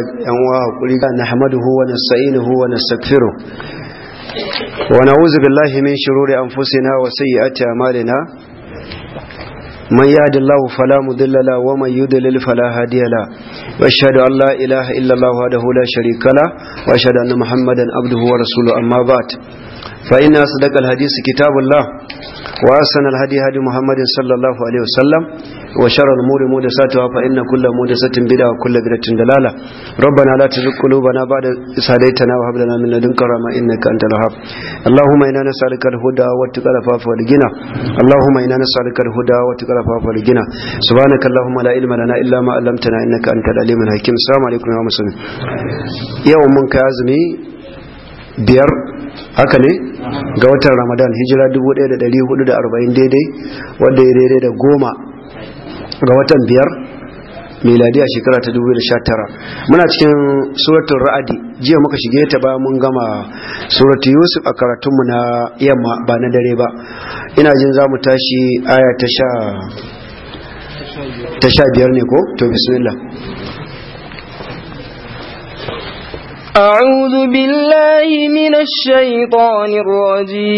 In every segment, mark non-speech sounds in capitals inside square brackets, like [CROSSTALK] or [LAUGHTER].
yanwa hakuri na hamadu wa nasa'inu huwa nasafiru wa na'uzu billahi min shururi anfusina wa sayyiati a'malina man yahdihillahu fala mudilla la wa man yudlil fala hadiya la wa ashhadu an la ilaha illa allah wahdahu la sharika la abduhu wa rasuluhu amma ba'd fa ina sadaqal hadisi kitabullah وأحسن الهدي هدي محمد صلى الله عليه وسلم وشر الأمور محدثاتها فإن كل محدثة بدعة وكل بدعة ضلالة ربنا لا تزغ قلوبنا بعد إذ هديتنا وهب لنا من لدنك رحمة إنك أنت الوهاب اللهم إنا نسألك الهدى والتقى والعفاف والغنى اللهم إنا نسألك الهدى والتقى والعفاف والغنى سبحانك اللهم لا علم لنا إلا ما علمتنا إنك أنت العليم الحكيم السلام عليكم يا مسلمين يوم منك أزمي biyar haka ne ga watan ramadan hijira 1440 daidai wadda ya daidai da goma ga watan biyar miladi a shekara ta 2019 muna cikin suratun ra'adi jiya muka shige ta ba mun gama suratu yusuf a karatunmu na yamma ba na dare ba ina jin za mu tashi aya ta sha biyar ne ko to bismillah أعوذ بالله من الشيطان الرجيم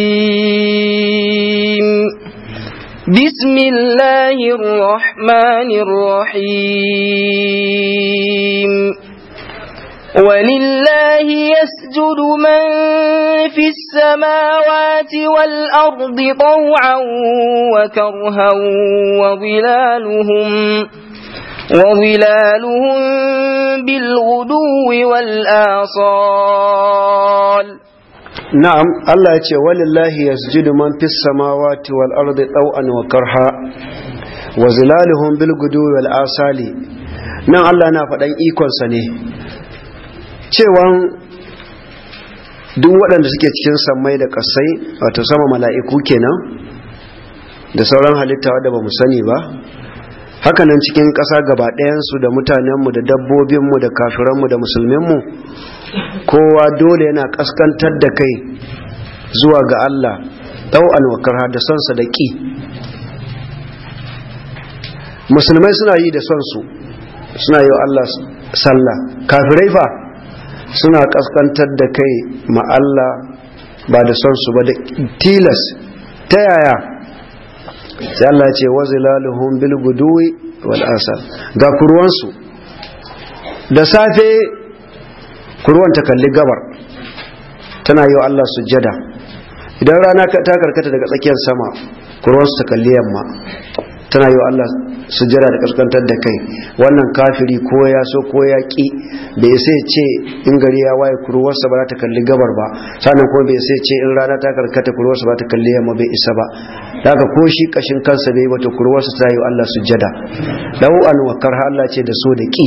بسم الله الرحمن الرحيم ولله يسجد من في السماوات والأرض طوعا وكرها وظلالهم وظلالهم بالغدو والآصال نعم الله يقول ولله يسجد من في السماوات والأرض طوعا وكرها وظلالهم بالغدو والآصال نعم الله نافدان ikonsa ne cewan duk waɗanda suke cikin samai da ƙasai wato sama mala'iku kenan da sauran halitta wadda ba mu sani ba hakanan cikin ƙasa gaba ɗayansu da mutanenmu da dabbobinmu da kafiranmu da musulminmu kowa dole yana ƙaskantar da kai zuwa ga Allah ɗau'an alwakar da sonsa da ƙi musulmai suna yi da sonsu suna yi wa Allah sallah kafirai fa suna ƙaskantar da kai ma Allah ba da sonsu ba da tilas ta yaya sai Allah ce wa zilaluhum bil guduwi wal ga kurwansu da safe kurwan ta kalli gabar tana yi Allah sujjada idan rana ta karkata daga tsakiyar sama kurwansu ta kalli yamma tana yi Allah sujjara da kaskantar da kai wannan kafiri ko ya so ko ya ki bai sai ce in gari ya waye kurwarsa ba za ta kalli gabar ba sannan kuma bai sai ce in rana ta karkata kurwarsa ba ta kalli yamma bai isa ba daga ko shi kashin kansa bai wata kurwarsa ta yi Allah sujjada lau an wakar Allah ce da so da ki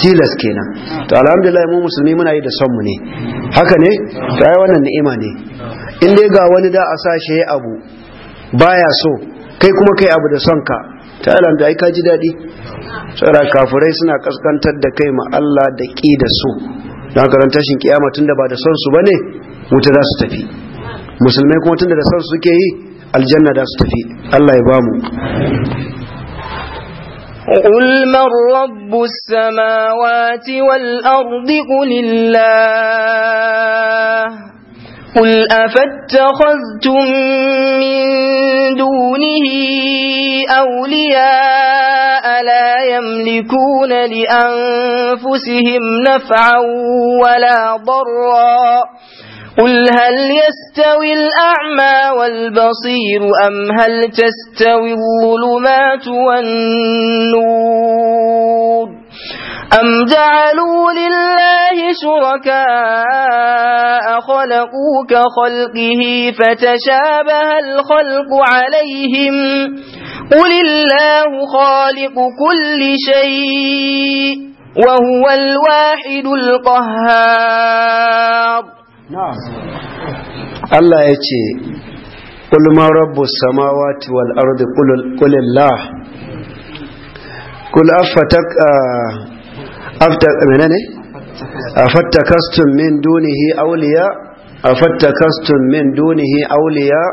tilas kenan to alhamdulillah mu musulmi muna yi da son mu ne haka ne to ai wannan ni'ima ne in dai ga wani da a sashe abu baya so kai kuma kai abu da son ka ta da aika ji daɗi tsara kafirai suna kaskantar da kai ma Allah da ƙi da su don karanta tashin kiyama tun da ba da son su ba ne wuta za su tafi musulmai kuma tun da da son suke yi aljanna za su tafi Allah ya ba mu قل من رب السماوات والأرض قل الله قل أفاتخذتم من دونه أولياء لا يملكون لأنفسهم نفعا ولا ضرا قل هل يستوي الأعمى والبصير أم هل تستوي الظلمات والنور أم جعلوا لله شركاء خلقوا كخلقه فتشابه الخلق عليهم قل الله خالق كل شيء وهو الواحد القهار Allah ya ce ƙulman rabu samawati wal ardi ƙulillah ƙul afattakastun min dunihi auliya afattakastun min dunihi auliya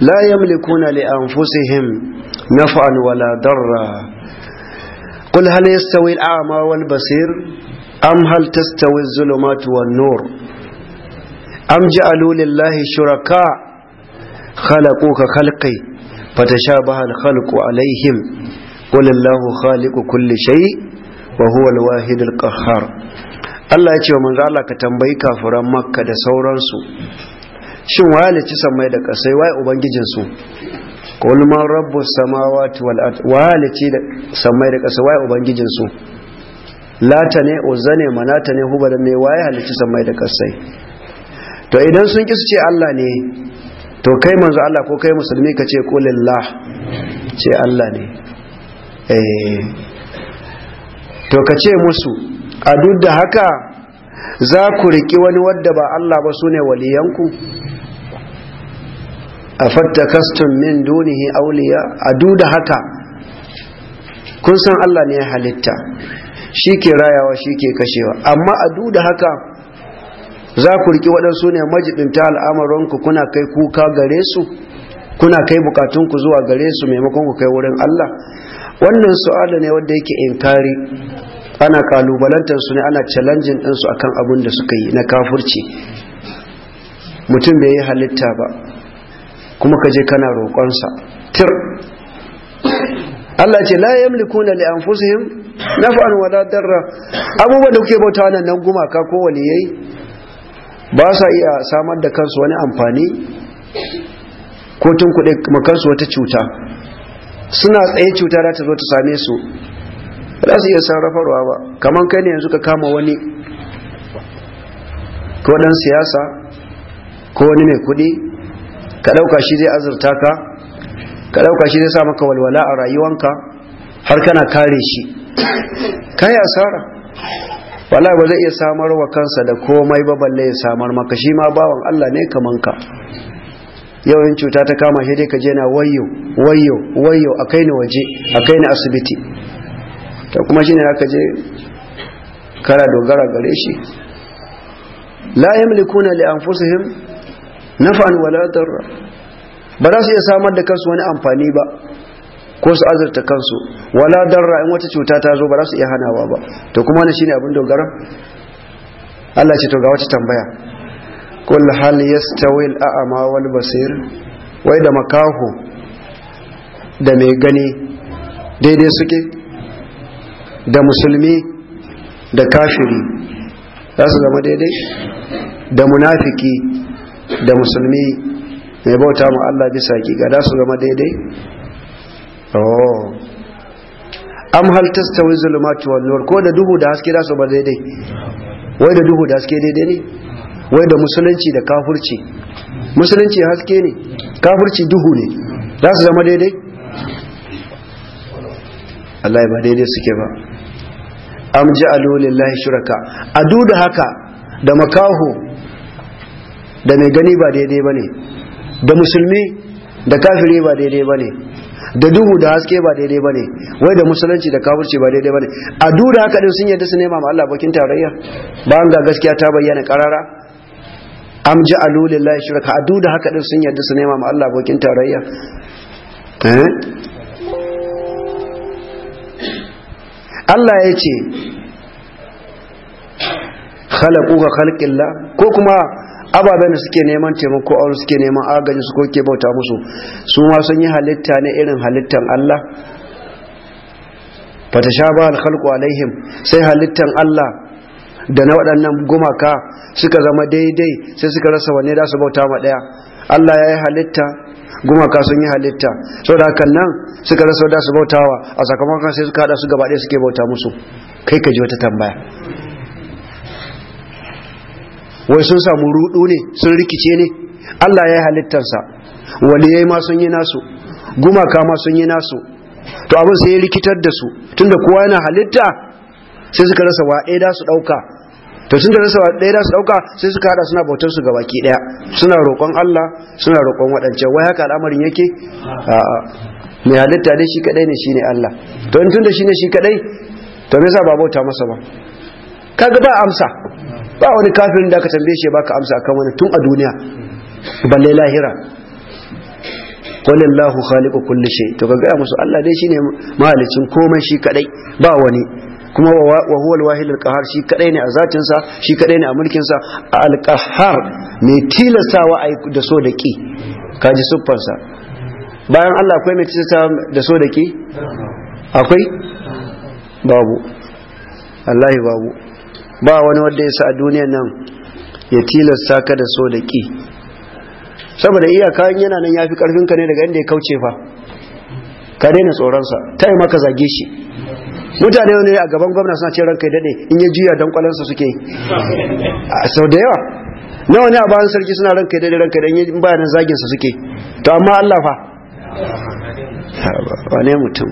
la yamlikuna li anfusihim naf'an wala darra qul hal yastawi al-a'ma wal basir am hal tastawi az-zulumatu wan-nur am ja'alu lillahi shuraka khalaqu ka khalqi fatashabaha al-khalqu alaihim qul khaliqu kulli shay wa huwa al-wahid al-qahhar Allah ya ce wa manzo Allah ka tambayi kafiran Makka da sauransu shin waye ne ci samai da kasai waye ubangijin su qul man rabbus samawati wal ard waye ne san samai da kasai waye ubangijin su lata ne uzane manata ne hubala ne waye halicci samai da kasai to idan sun ƙi su ce Allah ne to kai manzo Allah ko kai musulmi ka ce kulillah ce Allah ne eh. to ka ce musu a duk da haka za ku riƙi wani wadda ba Allah ba su ne waliyanku a kastun min dunihi auliya a duk da haka kun san Allah ne ya halitta shi ke rayawa shi ke kashewa amma a duk da haka za ku riƙi waɗansu ne majibinta al'amuranku kuna kai kuka gare su kuna kai ku zuwa gare su maimakon ku kai wurin Allah wannan su'ala ne wanda yake inkari ana kalubalantar su ne ana challenging din su akan abin da suka yi na kafurci mutum bai yi halitta ba kuma ka je kana roƙonsa tir Allah ce la yamlikuna li anfusihim naf'an wala darra abubuwan da kuke bauta nan gumaka ko waliyai ba sa iya samar da kansu wani amfani ko tun kuɗin makansu wata cuta suna tsaye cuta da ta zo ta same su ba su iya sarrafarwa ba kamar kai ne yanzu ka kama wani ko ɗan siyasa ko wani mai kuɗi ka ɗauka shi zai azurta ka ka ɗauka shi zai sa maka walwala a rayuwanka har kana kare shi ka yi asara wala ba zai iya samar wa kansa da komai ba balle ya samar maka shi ma bawan Allah ne kaman ka yau in cuta ta kama shi dai ka je na wayo wayo wayo a kai ni waje a kai ni asibiti to kuma shine zaka je kara dogara gare shi la yamlikuna li anfusihim naf'an wala darra ba za su iya samar da kansu wani amfani ba ko su azurta kansu wala darra in wata cuta ta zo ba za su iya hanawa ba to kuma wannan shine abin dogara Allah ce to ga wata tambaya kul hal yastawi al a'ma wal basir wai da makahu da mai gani daidai suke da musulmi da kafiri za su zama daidai da munafiki da musulmi mai bauta mu Allah bisa ga za su zama daidai Oh. am hal tastawi zulumatu wan nur ko da duhu da haske da su ba daidai wai da duhu da haske daidai ne wai da musulunci da kafirci musulunci haske ne kafirci duhu ne za su zama daidai Allah ba daidai suke ba am ja'alu lillahi shuraka a duda haka da makaho da mai gani ba daidai bane da musulmi da kafiri ba daidai bane da duhu da haske ba daidai bane wai da musulunci da kafirci ba daidai bane a duk da haka din sun yarda su nema ma Allah bakin tarayya ba an ga gaskiya ta bayyana karara am ja'alu lillahi shuraka a duk da haka din sun yarda su nema ma Allah bakin tarayya eh Allah ya ce khalaquka khalqillah ko kuma ababen da suke neman taimako a suke neman agaji su koke bauta musu su ma sun yi halitta ne irin halittan Allah fata sha ba alkhalku alaihim sai halittan Allah da na waɗannan gumaka suka zama daidai sai suka rasa wanne da su bauta ma ɗaya Allah ya yi halitta gumaka sun yi halitta sau da hakan nan suka rasa da su bautawa a sakamakon sai suka haɗa su gaba ɗaya suke bauta musu kai ka ji wata tambaya wai sun samu rudu ne sun rikice ne Allah ya yi halittarsa ya ma sun yi nasu gumaka ma sun yi nasu to abin sai ya rikitar da su tunda kowa yana halitta sai suka rasa wa ɗaya su ɗauka to sun da rasa ɗaya da su ɗauka sai suka haɗa suna bautar su gabaki ɗaya suna roƙon Allah suna roƙon waɗancan wai haka al'amarin yake mai halitta dai shi kaɗai ne shine Allah to in tun da shine shi kaɗai to me yasa ba bauta masa ba kaga ba amsa ba wani kafirin da aka tambaye shi baka amsa akan wani tun a duniya balle lahira qul allah khaliqu kulli shay to kaga musu Allah dai shine malicin komai shi kadai ba wani kuma wa huwa al-wahid al-qahar shi kadai ne a zatin sa shi kadai ne a mulkin sa al-qahar ne tilasawa ai da so da ki kaji siffar sa bayan Allah akwai mai tilasa da so da ki akwai babu Allah babu ba wani wanda ya sa a duniyan nan ya tilasta ka da so da ki saboda iyaka yana nan ya fi ƙarfinka ne daga inda ya kauce fa ka daina tsoronsa ta yi maka zage shi mutane ne a gaban gwamna suna ce ranka daɗe in ya juya don kwalansa suke sau da yawa na wani bayan sarki suna ranka daɗe ranka daɗe in bayanan zaginsa suke to amma Allah fa wane mutum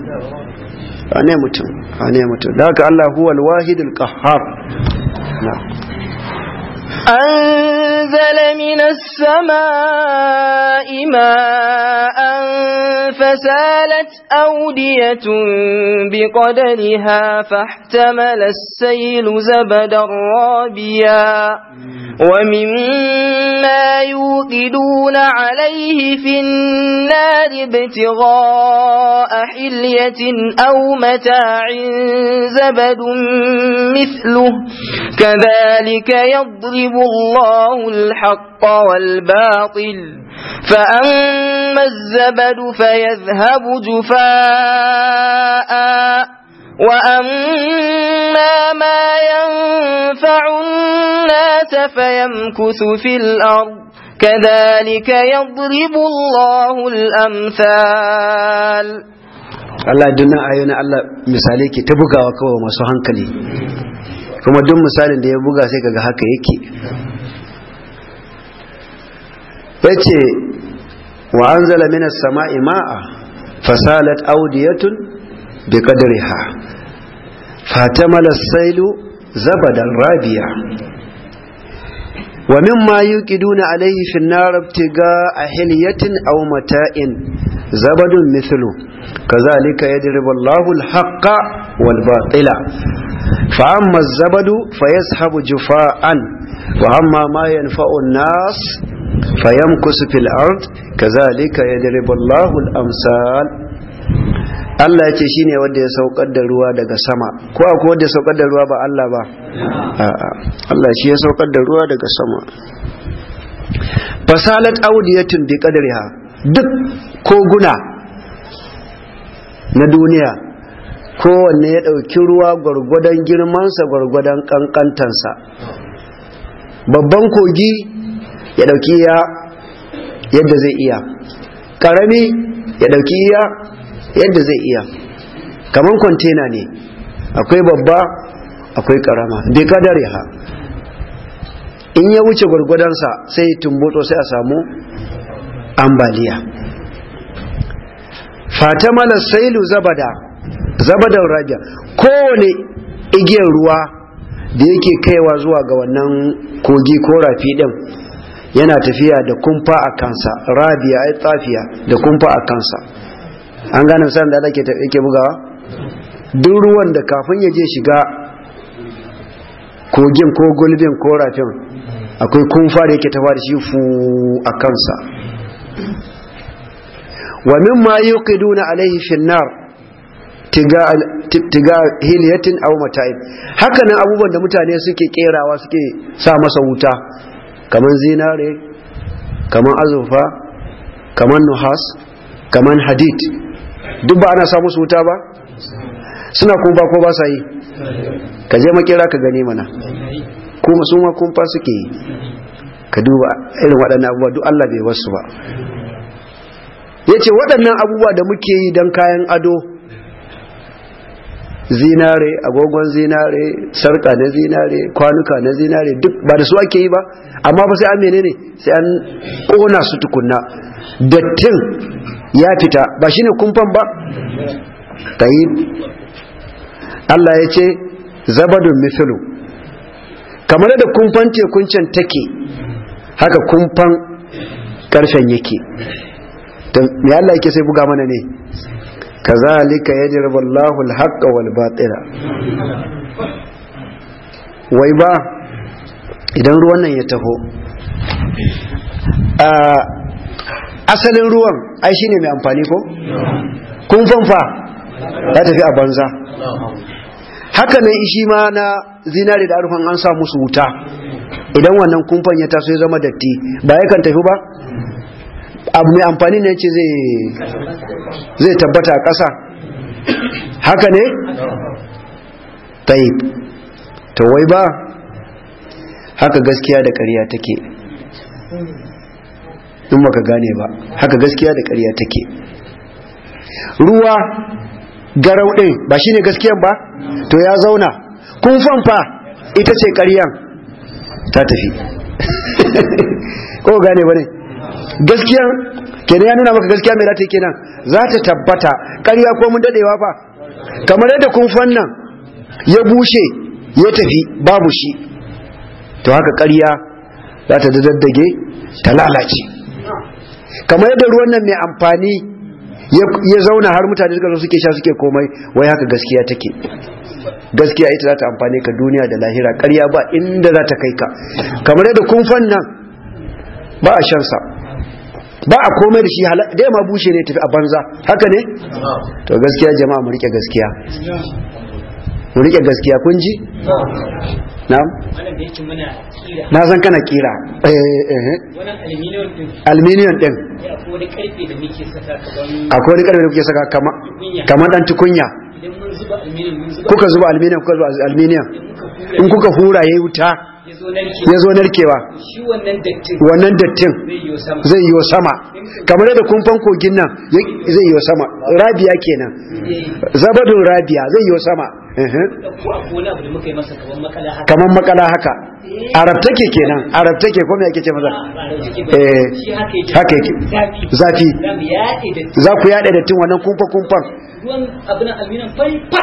wane mutum wane mutum da haka Allah huwa alwahid qahhar أن أنزل من السماء ماء فسالت أودية بقدرها فاحتمل السيل زبدا رابيا ومما يوقدون عليه في النار ابتغاء حلية أو متاع زبد مثله كذلك يضرب الله الحق والباطل فأما الزبد فيذهب جفاء وأما ما ينفع الناس فيمكث في الأرض كذلك يضرب الله الأمثال Allah duk nan Allah misali ke ta bugawa kawai masu hankali kuma duk misalin da ya buga sai kaga haka yake ce wa anzala minas sama'i ma'a fasalat awdiyatun biqadriha fatamala as-sailu zabadan Rabi'a. wa mimma yuqiduna alayhi fi an-nar ibtiga'a hilyatin aw mata'in zabadun mithlu kadhalika yadribu Allahu al-haqqa wal-batila فأما الزبد فيسحب جفاء وأما ما ينفع الناس fayamkusu fil ard kazalika yadribu Allahu amsal Allah ya ce shi ne wanda ya saukar da ruwa daga sama ko akwai wanda ya saukar da ruwa ba Allah ba a'a Allah shi ya saukar da ruwa daga sama fasalat audiyatin bi qadriha duk koguna na duniya kowanne ya ɗauki ruwa gwargwadon girmansa gwargwadon ƙanƙantansa babban kogi ya ɗauki iya yadda zai iya karami ya ɗauki iya yadda zai iya kamar kwantena ne akwai babba akwai karama. bai kadar ha in ya wuce gwargwadonsa sai tumbuto sai a samu ambaliya fatamala sailu zabada zabadan raja kowane igiyar ruwa da yake kaiwa zuwa ga wannan kogi ko rafi din yana tafiya da kumfa a kansa rabia ai tsafiya da kumfa a kansa an gane san da ake yake bugawa duk ruwan da kafin ya je shiga kogin ko gulbin ko rafin akwai kumfa da yake tafa da shi fu a kansa wa mimma yuqiduna alaihi fi nar tiga hiliyatin aw mata'ib hakanan abubuwan da mutane suke kerawa suke sa masa wuta Kaman zinare kaman azurfa kaman nuhas kaman hadid duk ba ana samu su wuta ba suna kuma ba ko ba sa yi ka je makera ka gani mana kuma su ma kumfa suke yi ka duba irin waɗannan abubuwa duk Allah bai wasu ba ya ce waɗannan abubuwa da muke yi don kayan ado zinare agogon zinare sarka na zinare kwanuka na zinare duk ba da su ake yi ba amma ba sai an menene sai an kona su tukunna dattin ya fita ba shine kumfan ba tayyib Allah ya ce zabadun mithlu kamar da kumfan tekun can take haka kumfan karfen yake to me Allah yake sai buga mana ne kazalika yajribu Allahu al-haqqa wal batila wai ba idan ruwan nan ya taho asalin ruwan ai shine mai amfani ko kun fanfa ya tafi a banza haka nan ishi ma na zinari da arfan an sa musu wuta idan wannan kumfan ya taso ya zama datti ba yakan tafi ba abu mai amfani ne ce zai tabbata a ƙasa haka ne? taib ta wai ba haka gaskiya da ƙarya take in maka gane ba haka gaskiya da ƙarya take ruwa garau ɗin ba shi ne gaskiyan ba to ya zauna kun fanfa ita ce ƙaryan ta tafi [LAUGHS] ko gane ba ne gaskiya kenan ya nuna maka gaskiya mai rata kenan za ta tabbata ƙarya ko mun dadewa fa kamar yadda kun fannan ya bushe ya tafi babu shi to haka ƙarya za ta daddage ta lalace kamar yadda ruwan nan mai amfani ya zauna har mutane suka zo suke sha suke komai wai haka gaskiya take gaskiya ita za ta amfane ka duniya da lahira ƙarya ba inda za ta kai ka kamar yadda kun fannan ba a shansa ba a komai da shi da ma bushe ne tafi a banza haka ne to gaskiya jama'a mu rike gaskiya mu rike gaskiya kun ji na'am na san kana kira eh, eh eh aluminium din akwai wani karfe da muke saka kaman kuke saka kaman dan tukunya kuka zuba aluminium kuka zuba aluminium in kuka hura yayi wuta ya zo narkewa wannan dattin zai yi sama kamar da kumfan kogin nan zai yi sama rabia kenan zabadun rabia zai yi sama kamar makala haka eh. arabta ke kenan arabta ke kome ake ce maza ah, eh. haka yake zafi za ku yaɗa da tun wannan kumfa kumfan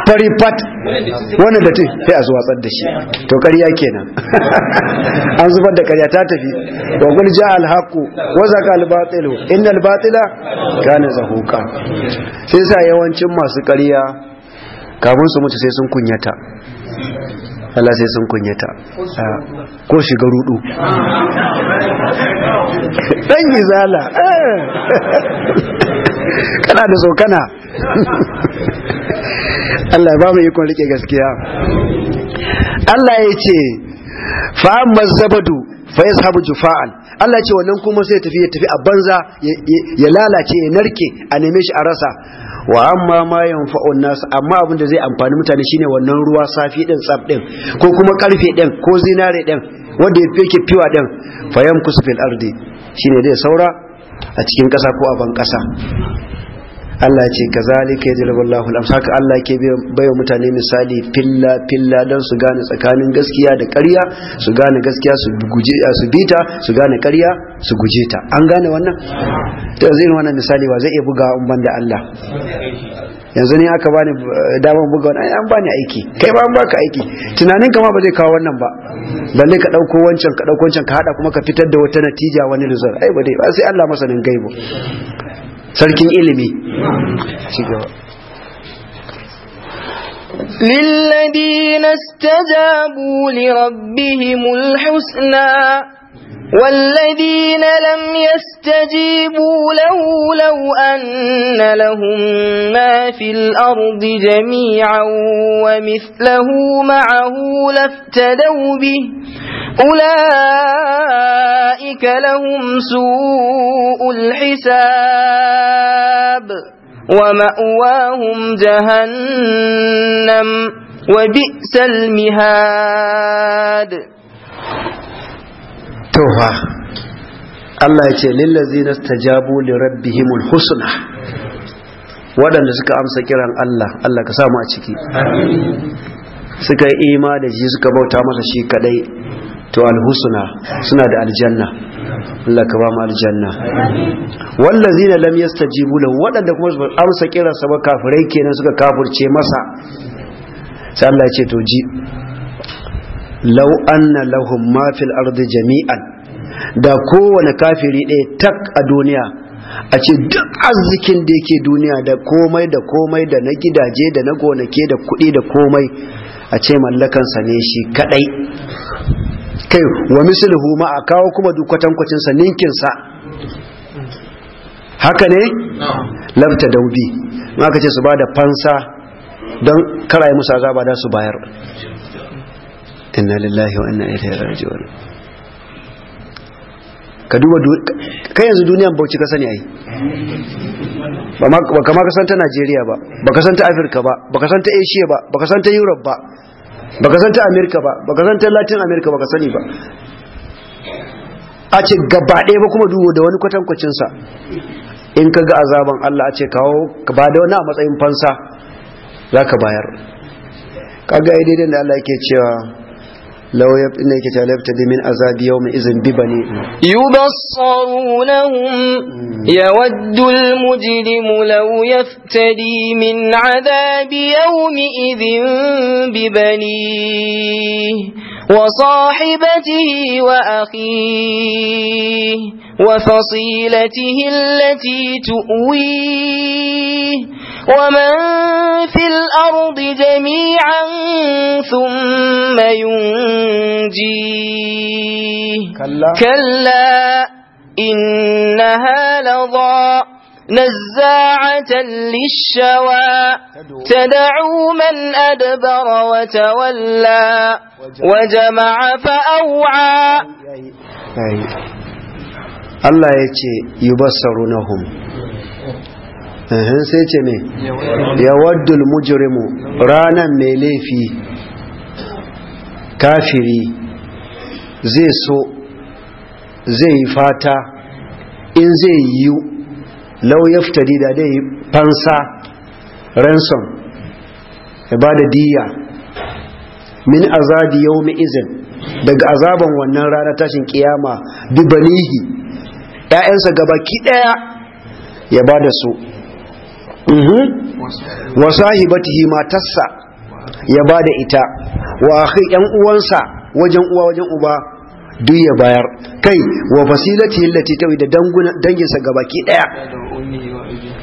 fari fat wannan da tun sai a zuwa tsar da shi to ƙarya kenan [LAUGHS] an zubar da ƙarya ta tafi wa qul ja alhaku haqu ka zaqa in batilu innal batila kana sai sa yawancin masu ƙarya kamun su mutu sai sun kunyata Allah sai sun kunyata ko shiga rudu dan gizala eh. kana da so kana Allah ba mu ikon rike gaskiya Allah ya ce fa amma zabadu fa yazhabu jufa'an Allah ce wannan kuma sai tafi ya tafi a banza ya lalace ya narke a neme shi a rasa wa amma ma yanfa'un nas amma abin da zai amfani mutane shine wannan ruwa safi din tsaf din ko kuma karfe din ko zinare din wanda ya fike fiwa din fa yamkusu fil ardi shine dai saura a cikin kasa ko a ban kasa Allah ce ka zalika ya Allahu al haka Allah ke baiwa mutane misali filla filla don su gane tsakanin gaskiya da ƙarya su gane gaskiya su guje su bita su gane ƙarya su guje ta an gane wannan to yanzu wannan misali ba zai iya buga in banda Allah yanzu ne aka bani eh, damar buga wani an bani aiki kai ba an baka aiki tunanin ma ba zai kawo wannan ba balle ka ɗauko wancan ka ɗauko wancan ka haɗa kuma ka fitar da wata natija wani result ai ba dai ba sai Allah masanin gaibo sarkin ilimi للذين استجابوا لربهم الحسنى والذين لم يستجيبوا له لو أن لهم ما في الأرض جميعا ومثله معه لافتدوا به أولئك لهم سوء الحساب ومأواهم جهنم وبئس المهاد tofa Allah ya ce lillazi na stajabu li rabbihimul husna waɗanda suka amsa kiran Allah Allah ka samu a ciki suka yi ima da shi suka bauta masa shi kadai to alhusna suna da aljanna Allah ka ba mu aljanna wallazina lam yastajibu lahu waɗanda kuma su amsa kiransa ba kafirai kenan suka kafurce masa sai Allah ya ce to ji law anna lahum ma fil ardi jami'an da kowane kafiri ɗaya tak a duniya a ce duk arzikin da yake duniya da komai da komai da na gidaje da na gonake da kuɗi da komai a ce mallakansa ne shi kaɗai kai wa mislihu ma a kawo kuma duk kwatankwacinsa ninkinsa haka ne? lamta daubi ma ka ce su ba da fansa don karaye musa azaba da su bayar inna lillahi wa inna ilaihi raji'un ka duba kai yanzu duniyan bauchi ka sani ai ba kama ka san ta Najeriya ba ba ka san ta Afirka ba ba ka san ta Asia ba ba ka san ta Europe ba ba ka san ta America ba ba ka san ta Latin America ba ka sani ba a ce gaba ɗaya ba kuma dubo da wani kwatankwacin sa in ka ga azaban Allah a ce kawo ka ba da wani a matsayin fansa za ka bayar kaga ai daidai da Allah yake cewa لو يب... إنك تلبتدي من أزاد يوم إذن ببني يبصرونهم يود المجرم لو يفتدي من عذاب يومئذ ببنيه وصاحبته وأخيه وفصيلته التي تؤويه ومن في الأرض جميعا ثم ينجيه كلا, كلا إنها لضاء نزاعة للشوى تدعو من أدبر وتولى وجمع فأوعى الله يتي يبصرونهم sai ce me ya waddul mujrimu ranan mai laifi kafiri zai so zai yi fata in zai yi lau yaftadi da dai fansa ransom ya diya min azadi yau izin daga azaban wannan rana tashin kiyama dubanihi ‘ya'yansa gabaki ɗaya ya bada su Mhm. wa sahibatihi matarsa ya ba ita wa akhi yan uwansa wajen uwa wajen uba duk ya bayar kai wa fasilati allati tawi da danginsa gabaki daya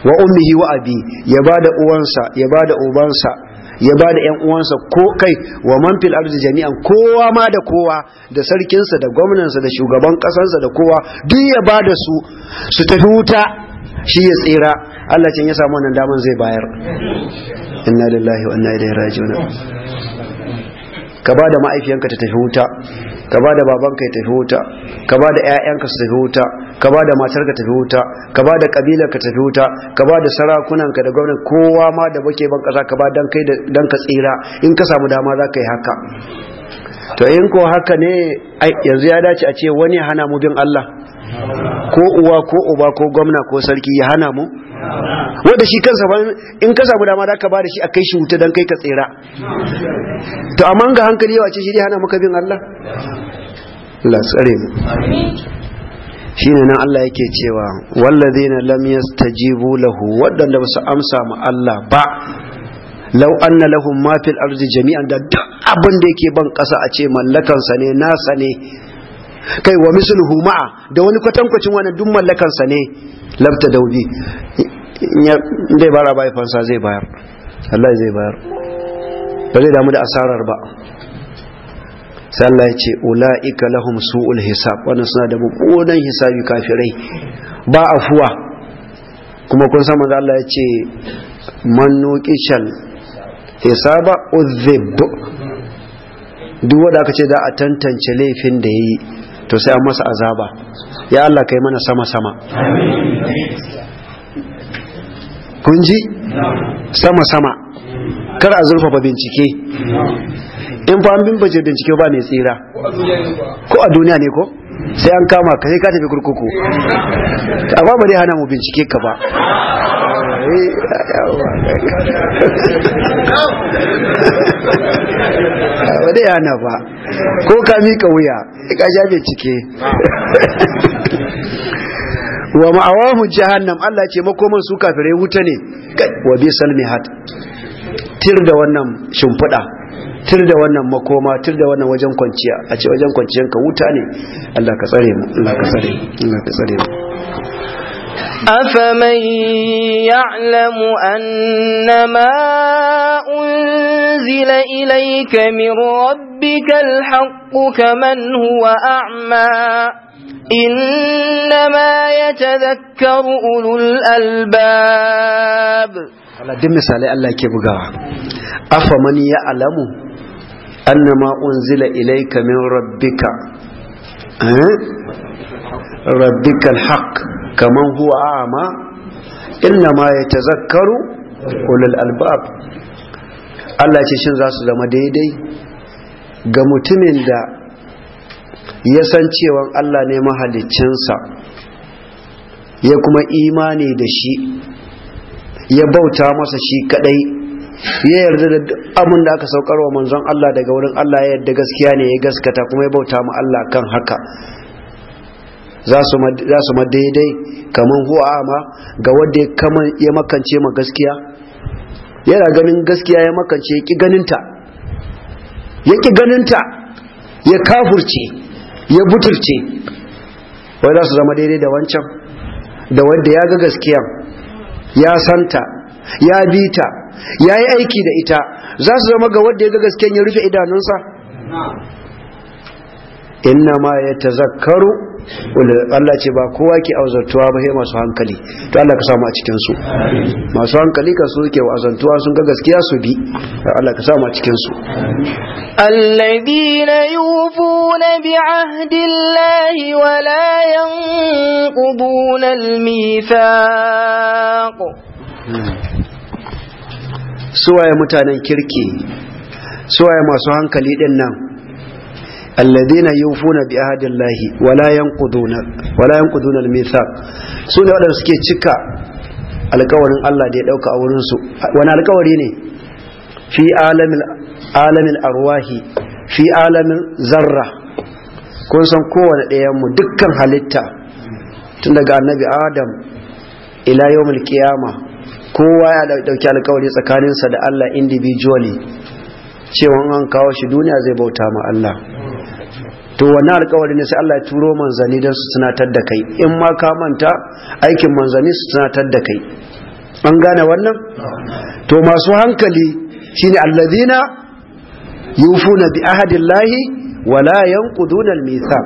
wa ummihi wa abi ya ba uwansa ya ba ubansa ya ba ‘yan uwansa ko kai wa fil ardi jami'an kowa ma da kowa da sarkinsa da gwamnansa da shugaban sa da kowa duk ya ba da su su tafi wuta shi ya tsira Allah ce ya samu wannan daman zai bayar inna lillahi wa inna ilaihi raji'un ka ba da ma'aifiyanka ta tafi wuta ka ba da babanka ya tafi wuta ka ba da 'ya'yanka su tafi wuta ka ba da matarka tafi wuta ka ba da ka tafi wuta ka ba da sarakunanka da gwamnati kowa ma da bake ban kasa ka ba don kai dan ka tsira in ka samu dama za ka yi haka to in ko haka ne yanzu ya dace a ce wani hana mu bin Allah ko uwa ko uba ko gwamna ko sarki ya hana mu wanda shi kansa ba in ka samu dama da ka ba da shi a kai shi wuta don kai ka tsira to amma ga hankali yawa ce shi hana muka bin Allah La tsare mu shi ne nan Allah yake cewa wallazina lam yastajibu lahu waɗanda ba su amsa ma Allah ba lau anna lahum ma fil ardi jami'an da duk abin da yake ban ƙasa a ce mallakansa ne nasa ne kai wa misluhu ma'a da wani kwatankwacin wannan duk mallakansa ne labta daudi in dai bara bai fansa zai bayar Allah zai bayar ba zai damu da asarar ba sai Allah ya ce ula'ika lahum su'ul hisab wannan suna da mummunan hisabi kafirai ba afuwa kuma kun san manzo Allah ya ce man nuqishal hisaba uzib duk wanda aka ce za a tantance laifin da yayi to sai an masa azaba ya Allah kai mana sama-sama kun ji sama-sama kar a zurfafa bincike in fa an bimbace bincike ba ne tsira ko a duniya ne ko sai an kama ka sai ka tafi kurkuku a ba dai hana mu bincike ka ba eh, ba ya yana ba ko ka mika wuya ka jabe cike wa ma'awahu jahannam Allah ce makoman su kafire wuta ne wa bi salmihat tir da wannan shimfiɗa tir da wannan makoma tir da wannan wajen kwanciya a ce wajen kwanciyanka wuta ne Allah ka tsare mu Allah ka tsare mu Allah ka tsare mu أفمن يعلم أنما أنزل إليك من ربك الحق كمن هو أعمى إنما يتذكر أولو الألباب على دم سالي الله كبغا أفمن يعلم أنما أنزل إليك من ربك أه؟ rabbikal haqq kaman huwa a'ma innama yatazakkaru ulul albab Allah ce shin za su zama daidai ga mutumin da ya san cewan Allah ne mahaliccinsa ya kuma imani da shi ya bauta masa shi kadai ya yarda da abin da aka saukar wa manzon Allah daga wurin Allah ya yarda gaskiya ne ya gaskata kuma ya bauta mu Allah kan haka za su ma daidai kamar huwa ama ga wanda ya makance ma gaskiya yana ganin gaskiya ya makance ki ganinta ya ki ganinta ya kafurce ya buturce wai za su zama daidai da wancan da wanda ya ga gaskiya ya santa ya bita ya yi aiki da ita za su zama ga wanda ya ga gaskiyan ya rufe idanunsa inna ma ya tazakkaru Allah ce ba kowa ke auzantuwa ba sai masu hankali to Allah ka samu a cikin su masu hankali ka su ke auzantuwa sun ga gaskiya su bi Allah ka samu a cikin su alladhina yufuna bi ahdillahi wa la yanquduna al suwaye mutanen kirki suwaye masu hankali din nan alladina yufuna bi ahadillahi wala yanquduna wala yanquduna almithaq su ne wadanda suke cika alkawarin Allah da ya dauka a wurin su wani alkawari ne fi alamil alamil arwahi fi alamin zarra kun san kowane ɗayan mu dukkan halitta tun daga annabi adam ila yawmul qiyama kowa ya dauki alkawari tsakaninsa da Allah individually cewa an kawo shi duniya zai bauta ma Allah to wannan alkawari ne sai Allah ya turo manzani don su tunatar da kai in ma ka manta aikin manzani su tunatar da kai an gane wannan to masu hankali shine alladhina yufuna bi ahadillahi wala yanquduna almithaq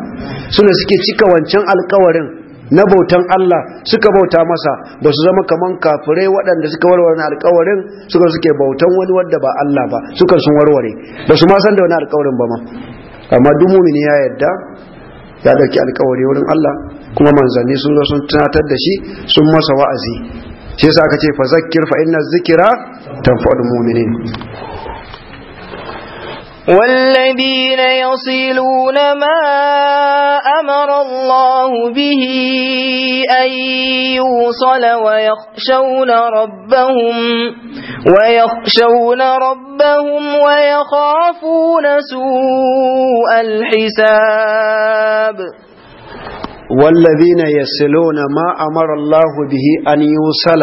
suna suke cika wancan alkawarin na bautan Allah suka bauta masa ba su zama kaman kafire waɗanda suka warware alkawarin suka suke bautan wani wadda ba Allah ba suka sun warware ba su ma san da wani alkawarin ba ma amma duk mumini ya yadda ya ɗauki alkawari wurin Allah kuma manzanni sun zo sun tunatar da shi sun masa wa'azi shi yasa aka ce fa zakkir fa inna zikira tanfa'ul mu'minin والذين يصلون ما أمر الله به أن يوصل ويخشون ربهم ويخشون ربهم ويخافون سوء الحساب والذين يصلون ما أمر الله به أن يوصل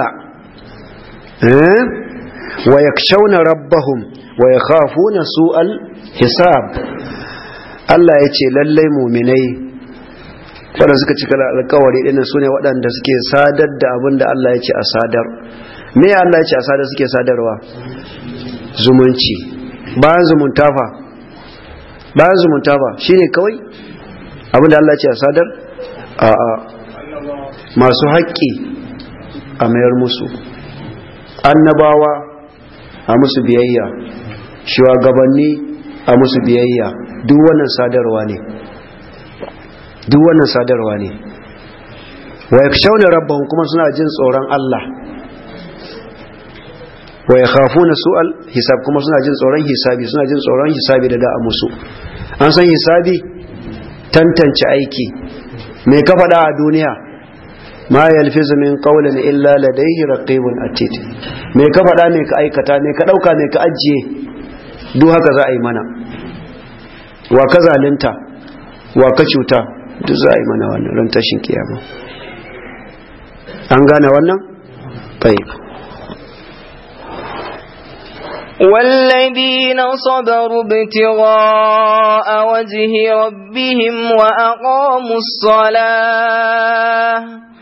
ويخشون ربهم wa ya na su al hisab Allah ya ce lallai muminai waɗanda suka cika alkawari ɗin su ne waɗanda suke sadar da abin da Allah ya ce a sadar me Allah ya ce a sadar suke sadarwa zumunci bayan zumunta fa bayan zumunta fa shine kawai abin da Allah ya ce a sadar a a masu haƙƙi a mayar musu annabawa a musu biyayya shugabanni a musu biyayya duk wannan sadarwa ne duk wannan sadarwa ne wa yakshawna rabbahum kuma suna jin tsoron Allah wa na su'al hisab kuma suna jin tsoron hisabi suna jin tsoron hisabi da da'a musu an san hisabi tantance aiki Mai kafa faɗa a duniya ma yalfizu min qawlin illa ladayhi raqibun titi Mai kafa faɗa me ka aikata me ka dauka me ka ajiye duk haka za a yi mana wa ka zalunta wa ka cuta duk za a yi mana wannan ran tashin kiyama an gane wannan tsaye والذين صبروا ابتغاء وجه ربهم وأقاموا الصلاة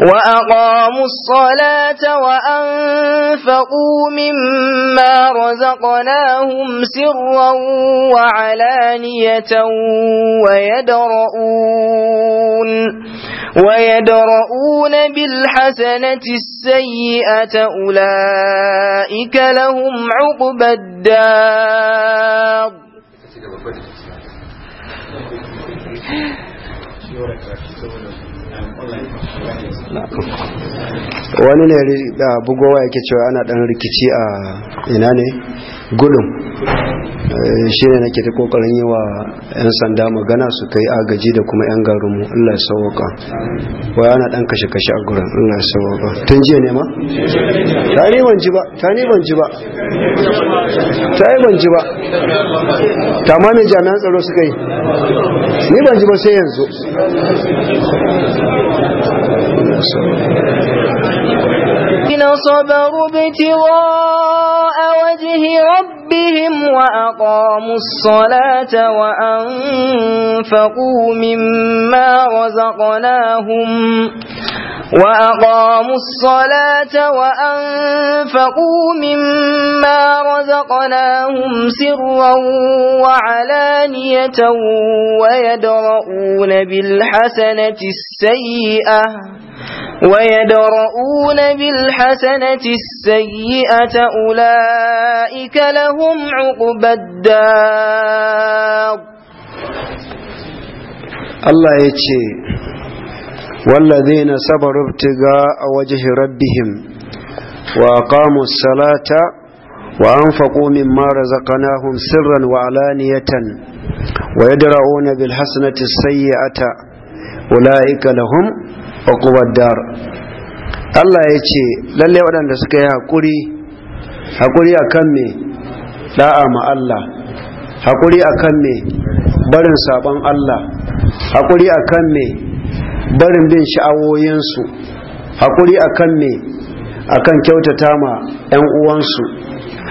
وأقاموا الصلاة وأنفقوا مما رزقناهم سرا وعلانية ويدرؤون ويدرؤون بالحسنة السيئة أولئك لهم عقب الدار [LAUGHS] [LAUGHS] wani ne da bugowa yake cewa ana dan rikici a ina ne gudun eh, shi ne na ta kokarin yi wa 'yan sanda magana su kai agaji da kuma 'yan garinmu allah ya sauwaka waya na dan kashe-kashe a gurin allah ya sauwaka tun jiya ne ma? ta ni ban ji ba ta yi ban ji ba ta ma mai jami'an tsaro su kai ni ban ji ba sai yanzu إن صبروا ابتغاء وجه ربهم وأقاموا الصلاة وأنفقوا مما رزقناهم وأقاموا الصلاة وأنفقوا مما رزقناهم سرا وعلانية ويدرؤون بالحسنة السيئة ويدرؤون بالحسنة السيئة أولئك لهم عقبى الدار الله يتشير والذين صبروا ابتغاء وجه ربهم وأقاموا الصلاة وأنفقوا مما رزقناهم سرا وعلانية ويدرؤون بالحسنة السيئة أولئك لهم عقبى الدار Allah ya ce lalle waɗanda suka yi haƙuri haƙuri a kan me da'a ma Allah haƙuri a kan me barin saɓon Allah haƙuri a kan me barin bin sha'awoyinsu haƙuri akan me akan kyautata ma 'yan uwansu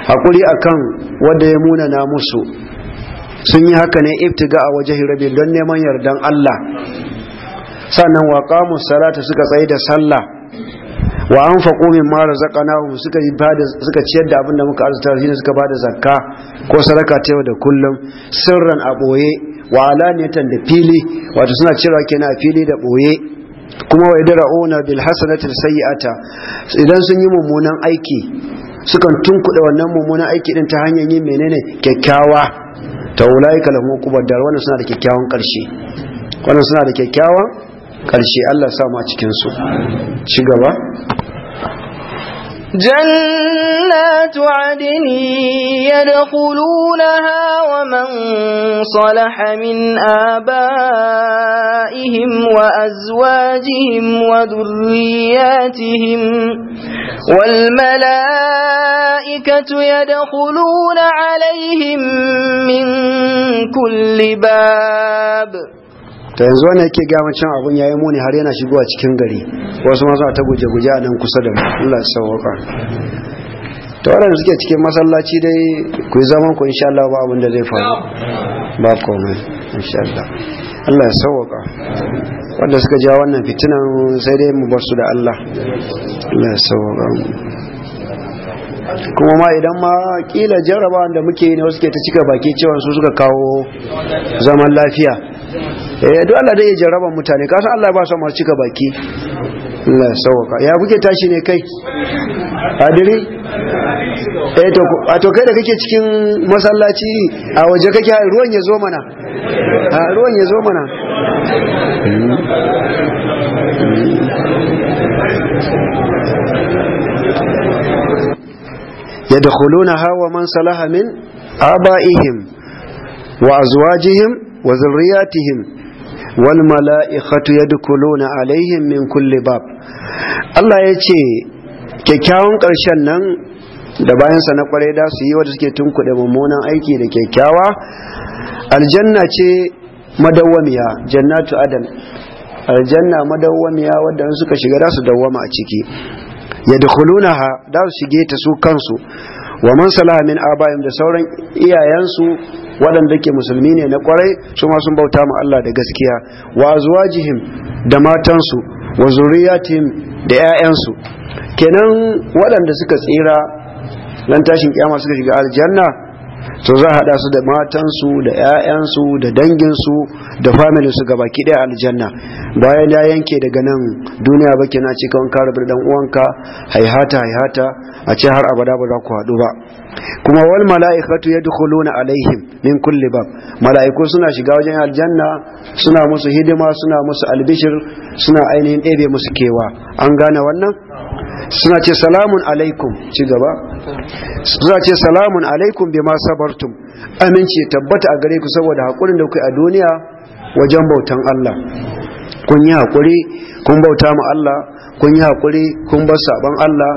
haƙuri akan wanda ya munana musu sun yi haka ne iftiga a waje rabi don neman yardan Allah sannan waƙamu salata suka tsaye da sallah wa an faƙo min mara zaƙanahu suka ciyar da abin da muka arzuta shi ne suka ba da zakka ko sadaka ta yau da kullum sirran a ɓoye wa alaniyatan da fili wato suna cewa kenan a fili da boye kuma wa yadra'una bil hasanati sayyi'ata idan sun yi mummunan aiki sukan tunkuɗa wannan mummunan aiki din ta hanyar yin menene kyakkyawa ta ulaika lahum uqubad dar wannan suna da kyakkyawan ƙarshe, wannan suna da kyakkyawan karshe Allah sa mu a cikin su ci gaba جنات عدن يدخلونها ومن صلح من آبائهم وأزواجهم وذرياتهم والملائكة يدخلون عليهم من كل باب ta yanzu wani yake gama abin ya yayi muni har yana shigowa cikin gari wasu masu ta guje-guje a nan kusa da mu Allah ya sauwaka ta wadanda suke cikin masallaci dai ku yi zaman ku insha Allah ba abin da zai faru ba komai insha Allah Allah ya sauwaka wanda suka ja wannan fitinan sai dai mu bar su da Allah Allah ya sauwaka kuma ma idan ma kila jarraba da muke ne wasu ke ta cika baki cewa su suka kawo zaman lafiya eh duk Allah dai ya jarraba mutane ka san Allah ba sa mu cika baki Allah sauka ya buke tashi ne kai adiri eh to a to kai da kake cikin masallaci a waje kake ruwan ya zo mana a ruwan ya zo mana يدخلونها ومن صلح من آبائهم وأزواجهم وذرياتهم wal mala'ikatu na alaihim min kulli bab Allah ya ce kyakkyawan ƙarshen nan da bayansa na kwarai da su yi wadda suke tunkuɗe mummunan aiki da kyakkyawa aljanna ce madawwamiya jannatu adan aljanna madawwamiya wadda suka shiga da su dawwama a ciki ha, da su shige ta su kansu wa man salaha min da sauran iyayensu waɗanda ke musulmi ne na kwarai su ma sun bauta ma Allah da gaskiya wa azwajihim da matansu wa zuriyatihim da 'ya'yansu kenan waɗanda suka tsira nan tashin kiyama suka shiga aljanna so za haɗa su da matansu da 'ya'yansu da danginsu da familinsu gaba ki ɗaya aljanna bayan ya yanke daga nan duniya ba na ce wanka ka rabu dan uwanka haihata haihata a ce har abada ba za ku haɗu ba kuma wal mala'ikatu ya yadkhuluna alaihim min kulli bab mala'iku suna shiga wajen aljanna suna musu hidima suna musu albishir suna ainihin ɗebe musu kewa an gane wannan suna ce salamun alaikum ci gaba suna ce salamun alaikum ma sabartum aminci tabbata a gare ku saboda hakurin da kai a duniya wajen bautan Allah kun yi hakuri kun bauta mu Allah kun yi hakuri kun bar saban Allah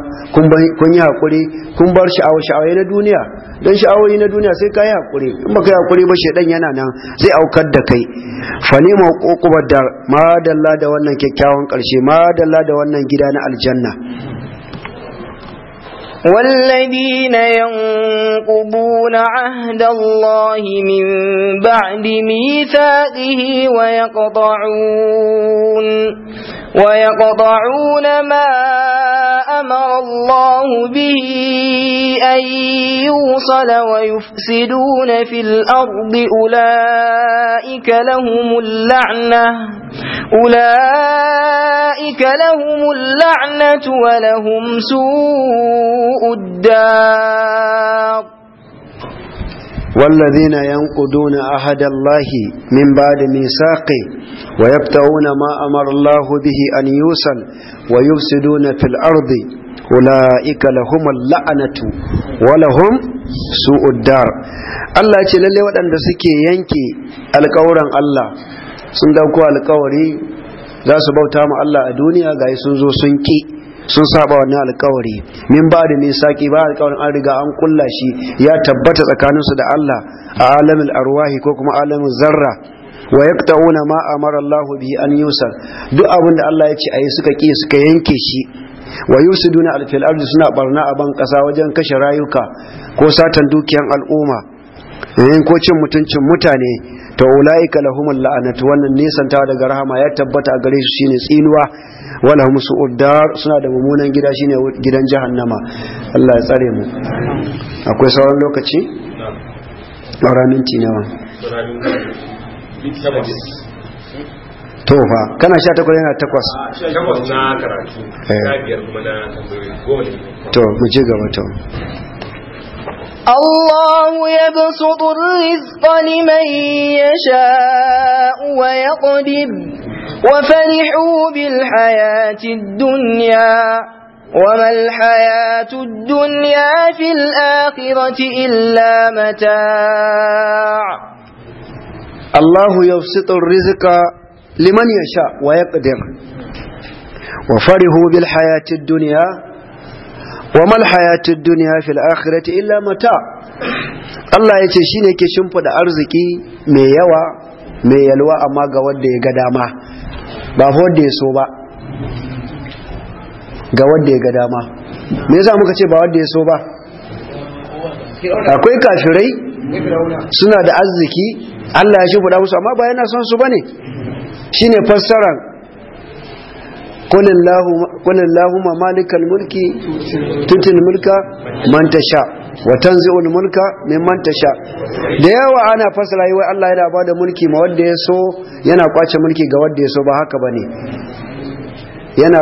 kun yi hakuri kun bar sha'awa na duniya don sha'awoyi na duniya sai ka yi hakuri in baka yi hakuri ba shedan yana nan zai aukar da kai fani ma kokubar da madalla da wannan kyakkyawan karshe madalla da wannan gida na aljanna والذين ينقضون عهد الله من بعد ميثاقه ويقطعون ويقطعون ما أمر الله به أن يوصل ويفسدون في الأرض أولئك لهم اللعنة أولئك لهم اللعنة ولهم سوء الدار والذين ينقضون عهد الله من بعد ميثاقه ويبتغون ما أمر الله به أن يوصل ويفسدون في الأرض أولئك لهم اللعنة ولهم سوء الدار الله يقول للي ودن دسكي ينكي القورا الله sun dauko alkawari za su bauta ma Allah a duniya ga sun zo sun ki sun saba wannan alkawari min ba da misaki ba alkawarin an riga an kulla shi ya tabbata tsakaninsu da Allah a alamin arwahi ko kuma alamin zarra wa yaqta'una ma amara Allah bihi an yusar duk abin da Allah ya ce a yi suka ki suka yanke shi wa yusiduna alfil ardi suna barna a ban kasa wajen kashe rayuka ko satan dukiyan al'umma yayin eh, ko cin mutuncin mutane ta ula'ika lahumul la'anatu wannan nisan ta daga rahama ya tabbata a gare su shine tsinuwa wala musu su'uddar suna da mummunan gida shine gidan jahannama Allah ya tsare mu akwai sauran lokaci saura minti nawa to fa kana 18 yana 8 18 ah, na karatu 5 eh. kuma na tambayoyi to mu je gaba to الله يبسط الرزق لمن يشاء ويقدر وفرحوا بالحياة الدنيا وما الحياة الدنيا في الآخرة إلا متاع الله يبسط الرزق لمن يشاء ويقدر وفرحوا بالحياة الدنيا wa mal hayatid dunya fil akhirati illa mata Allah ya ce shine ke shimfida arziki mai yawa mai yalwa amma ga wanda ya ga dama ba fa wanda ya so ba ga wanda ya ga dama me yasa muka ce ba wanda ya so ba akwai kafirai suna da arziki Allah ya shimfida musu amma ba yana son su bane shine fassarar قل اللهم مالك الملك تؤتي الملك من تشاء وتنزع الملك ممن تشاء da yawa ana fasara yi wai Allah yana ba da mulki ma wanda ya so yana kwace mulki ga wanda ya so ba haka bane yana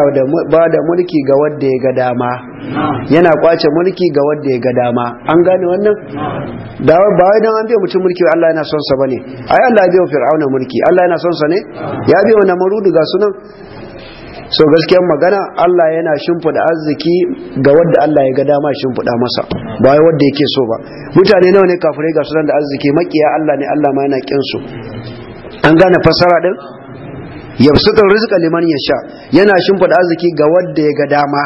ba da mulki ga wanda ya ga dama yana kwace mulki ga wanda ya ga dama an gane wannan da ba wai dan an biya mutum mulki Allah yana son sa bane ai Allah ya biya fir'auna mulki Allah yana son sa ne ya biya na marudu ga sunan so gaskiyar magana Allah yana shimfiɗa arziki ga wadda Allah ya ga dama shimfiɗa masa ba ya wadda yake so ba mutane nawa ne kafirai ga sunan da arziki makiya Allah ne Allah ma yana kin su an gane fasara din yabsutu rizqa liman yasha yana shimfiɗa arziki ga wadda ya ga dama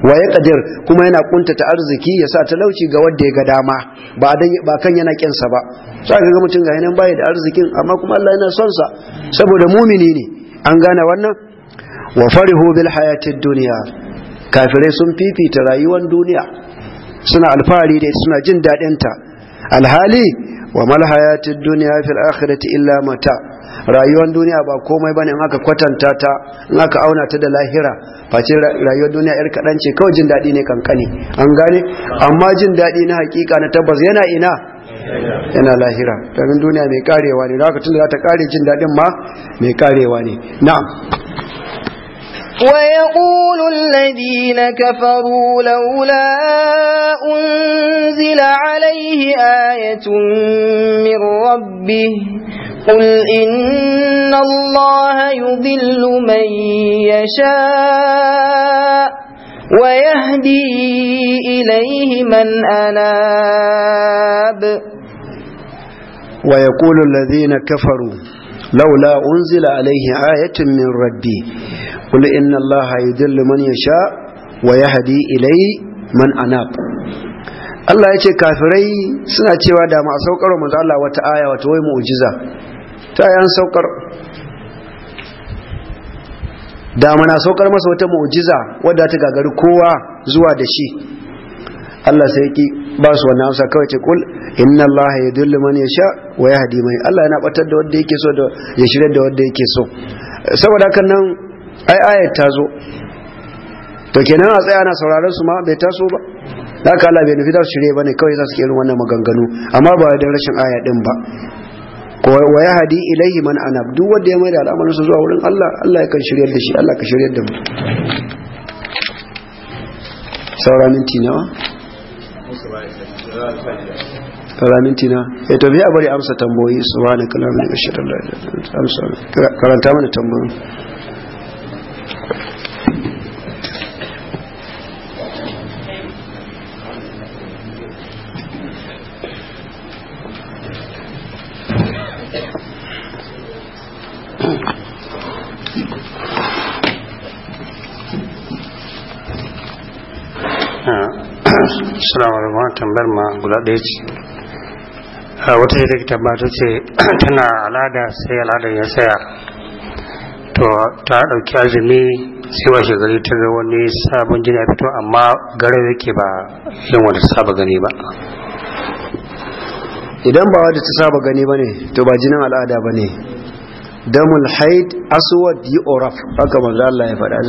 wa ya kadir kuma yana kuntata arziki ya sa talauci ga wadda ya ga dama ba dan ba kan yana sa ba sai ga mutum ga yana baya da arzikin amma kuma Allah yana son sa saboda mumini ne an gane wannan wa farihu bil hayatid duniya kafirai sun fifita rayuwar duniya suna alfahari da suna jin daɗin ta alhali wa mal hayatid duniya fil akhirati illa mata rayuwar duniya ba komai bane in aka kwatanta ta in aka auna ta da lahira face rayuwar duniya yar kaɗan ce kawai jin daɗi ne kankani an gane amma jin daɗi na hakika na tabbas yana ina yana lahira Dan duniya mai karewa ne da haka tun za ta kare jin daɗin ma mai karewa ne na'am ويقول الذين كفروا لولا أنزل عليه آية من ربه قل إن الله يضل من يشاء ويهدي إليه من أناب ويقول الذين كفروا laula unzila alaihi ayatun min rabbi qul inna allaha yudillu man yasha wa yahdi ilayhi man anab Allah ya ce kafirai suna cewa da ma saukar manzo Allah wata aya wata wai mu'jiza ta yan saukar da mana saukar masa wata mu'jiza wadda ta gagari kowa zuwa da shi Allah sai ki ba su wannan amsa kawai ce kul inna Allah ya dullu man ya sha wa ya hadi man Allah yana batar da wanda yake so da ya shirya da wanda yake so saboda hakan nan ai ayat ta zo to kenan a tsaya ana sauraron su ma bai taso ba da ka Allah bai nufi da su shirye bane kawai za su irin wannan maganganu amma ba da rashin aya din ba wa ya hadi ilaihi man anab duk wanda ya mai da al'amarin sa zuwa wurin Allah Allah ya kan shiryar da shi Allah ka shiryar da mu sauraron minti nawa karamin tina ya eh, to a bari amsa su subhanaka la ilaha illa anta amsa karanta mana tambayoyi tambar ma guda ɗaya ce ah, wata ce take tabbata ce tana al'ada sai al'ada ya tsaya to ta ɗauki azumi sai wa gari ta ga wani sabon jini a fito amma garau yake ba yin wani saba gani ba idan ba wadda ta saba gani ba ne to ba jinin al'ada ba ne damul haid aswad yi oraf haka manzo Allah ya faɗa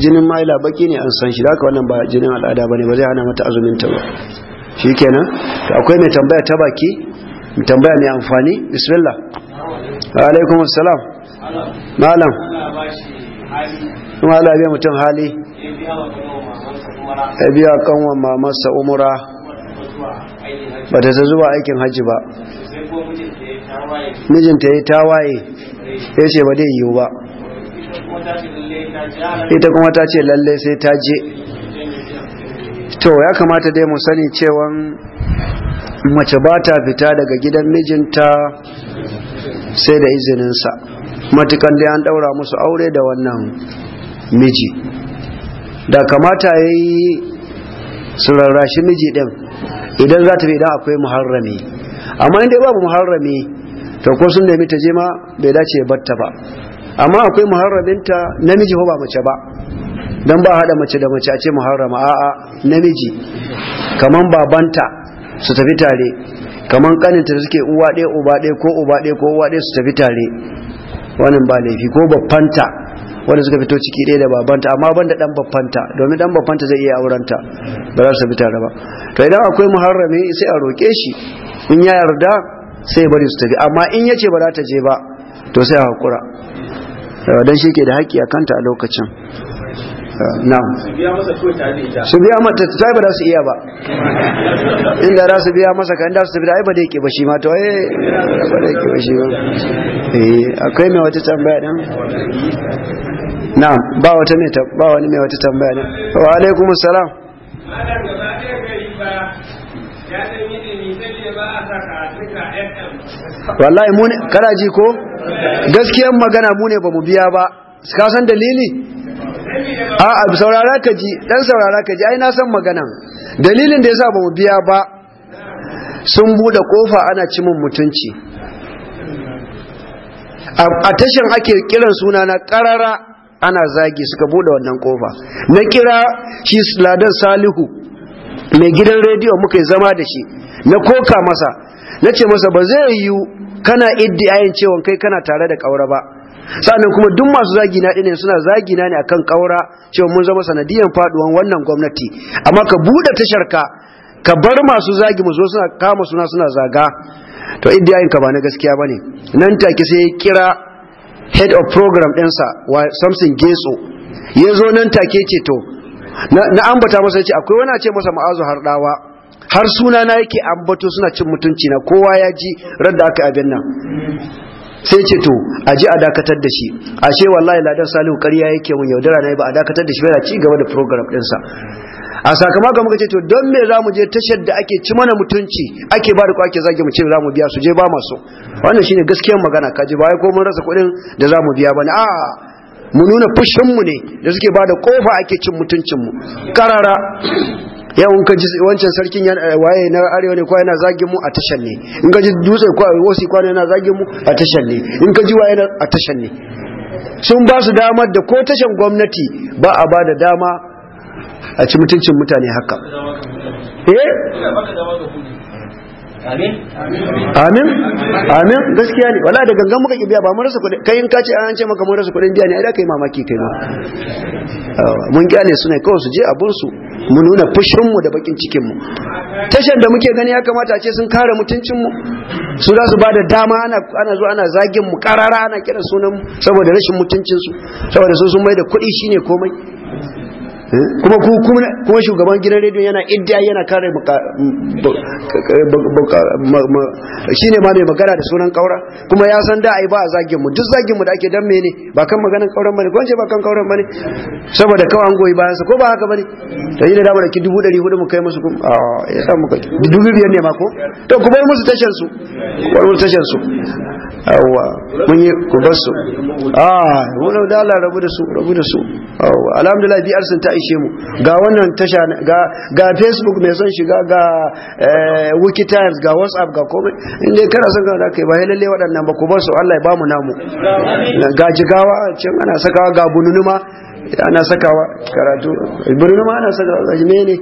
jinin mai labaki ne an san shi haka wannan ba jinin al'ada bane ba zai hana mata azumin ta ba Shi kenan, akwai mai tambaya ta baki mai tambaya mai amfani bismillah alaikum assalam malam kuma Allah bai mutum hali ya biya kanwa mamarsa umura ba ta ta zuwa aikin hajji ba mijinta ya tawaye ya ce ba dai yiwu ba ita kuma ta ce lalle sai ta je to ya kamata dai mu sani cewan mace ba ta fita daga gidan mijinta sai da izininsa matukan dai an daura musu aure da wannan miji da kamata ya yi miji din idan za ta fi idan akwai muharrami amma inda babu muharrami to ko sun nemi ta je bai dace ya batta ba amma akwai muharraminta namiji ko ba mace ba don ba haɗa mace da mace a ce muharrama a'a namiji kaman babanta su tafi tare kaman kaninta suke uwa ɗaya uba ɗaya ko uba ɗaya ko uwa ɗaya su tafi tare wannan ba laifi ko babbanta wanda suka fito ciki ɗaya da babanta amma ban da ɗan babbanta domin ɗan babbanta zai iya aurenta ba za su tafi tare ba to idan akwai muharrami sai a roƙe shi in ya yarda sai bari su tafi amma in ya ce ba za ta je ba to sai a haƙura dan shi ke da haƙƙi a kanta a lokacin na'am su biya masa ta bi su biya mata ta ba za su iya ba inda za su biya masa kan da su tafi da ai ba da yake ba shi ma to eh ba da yake ba shi ba eh akwai mai wata tambaya din na'am ba wata mai ba wani mai wata tambaya din wa alaikum salam wallahi mu ne kana ji ko gaskiyar magana mu ne ba mu biya ba ka san dalili a'a saurara ka ji dan saurara ka ji ai na san maganan dalilin da yasa ba mu biya ba sun bude kofa ana ci mun mutunci a tashin ake kiran suna na karara ana zagi suka bude wannan kofa na kira shi ladan salihu mai gidan rediyo muka yi zama da shi na koka masa na ce masa ba zai yiwu kana iddi ayin cewa kai kana tare da kaura ba sannan kuma duk masu zagi na dinnan suna zagi na ne akan kaura cewa mun zama sanadiyan faduwan wannan gwamnati amma ka buɗe tashar ka ka bar masu zagi mu zo suna kama suna suna zaga to yayin ka ba na gaskiya bane nan take sai kira head of program ɗinsa wa samson geso ya nan take ce to na ambata masa ce akwai wani ce masa ma'azu har dawa har suna na yake ambato suna cin mutunci na kowa ya ji radda aka abin nan sai ce to a ji a dakatar da shi a ashe wallahi ladan salihu ƙarya yake mun yaudara na ba a dakatar da shi ya ci gaba da program ɗinsa a sakamakon muka ce to don me za mu je tashar da ake ci mana mutunci ake ba da ake zage mu ce za mu biya su je ba masu wannan shine gaskiyar magana kaji ba ko mun rasa kuɗin da za mu biya ba ne a mu nuna fushinmu ne da suke ba da kofa ake cin mutuncinmu karara yawon ka ji wancan sarkin eh, waye na arewa ne kwaye na zagin mu a tashan ne in ka ji dutse kwaye wasi na zagin mu a tashan ne in ka ji waye na a tashan ne sun ba su damar da ko tashan gwamnati ba a ba da dama a ci mutuncin mutane haka eh amin amin gaskiya ne wala da gangan muka ki biya ba mun rasa kuɗi kai in ka ce an ce maka mun rasa kuɗin biya ne ai da kai mamaki kai ma mun kyale su ne kawai su je abun su mu nuna fushin mu da bakin cikin mu tashan da muke gani ya kamata a ce sun kare mutuncin mu su za su da dama ana ana zo ana zagin mu karara ana kira sunan mu saboda rashin mutuncin su saboda su sun mai da kuɗi shine komai kuma kuma shugaban gidan rediyo yana idda yana kare shi ne ma mai magana da sunan kaura kuma ya san da a yi ba a zagin mu duk zagin mu da ake dan mene ba kan maganan kauran bane gwanje ba kan kauran bane saboda kawai an goyi bayansa ko ba haka bane Ta yi da damar ki dubu dari hudu mu kai musu kuma a ya sa muka dubu biyar ne ma ko to ku bar musu tashar su bar musu tashar su awwa mun yi ku bar su a wani da Allah rabu da su rabu da su awwa alhamdulillah biyar sun ta'i. ishe mu ga wannan tasha ga ga facebook mai son shiga ga eh, wiki times ga whatsapp ga komai inda kana son ga kai ba lalle waɗannan ba ku ba su Allah ya bamu namu ga jigawa cin ana sakawa ga bununuma ana sakawa karatu bununuma ana sakawa ga ne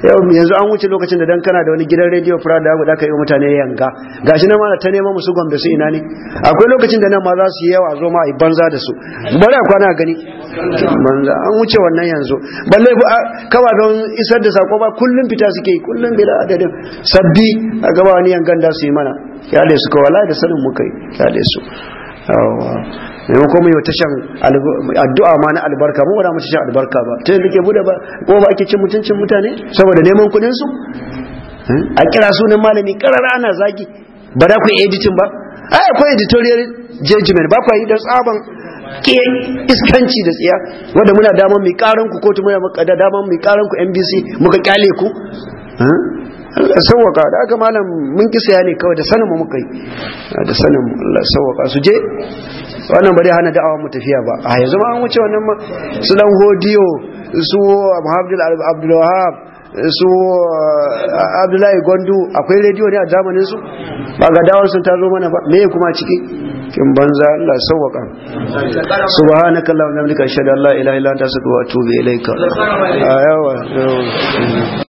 yau yanzu an wuce lokacin da dan kana da wani gidan rediyo prada da guda ka yi mutane yanga gashi na mana ta nema musu gombe su ina ne akwai lokacin da nan ma za su yi yawa zo ma a banza da su bari a kwana gani manza an wuce wannan yanzu balle kawa don isar da sako ba kullun fita suke yi kullum bila adadin sabbi a gaba wani yankan da su yi mana kyale su kawai wala da sanin muka yi kyale su yawon kuma yi wata shan addu'a ma na albarka mu wada mu shan albarka ba ta yadda bude ba ko ba ake cin mutuncin mutane saboda neman kudin su hmm? a kira sunan malami karara ana zagi ba da ku editin ba ai akwai editorial judgment ba kwa yi da tsaban ke iskanci da tsiya wanda muna damar mai karan ku kotu muna da damar mai karan ku NBC muka kyale ku Allah sauwaka da aka malam mun kisa ya ne kawai da sanin mu muka yi ah, da sanin mu Allah sauwaka su je wannan bari hana da'awa mu tafiya ba a ah, yanzu ma an wuce wannan ma su dan hodiyo su Abdul Abdul Wahab su abdullahi gondu akwai rediyo ne a zamanin su ba ga dawar sun ta zo mana ba me kuma ciki kin banza Allah sawwaka subhanaka allahumma wa bihamdika ashhadu an la ilaha illa anta astaghfiruka wa atubu ilaika ayawa ah,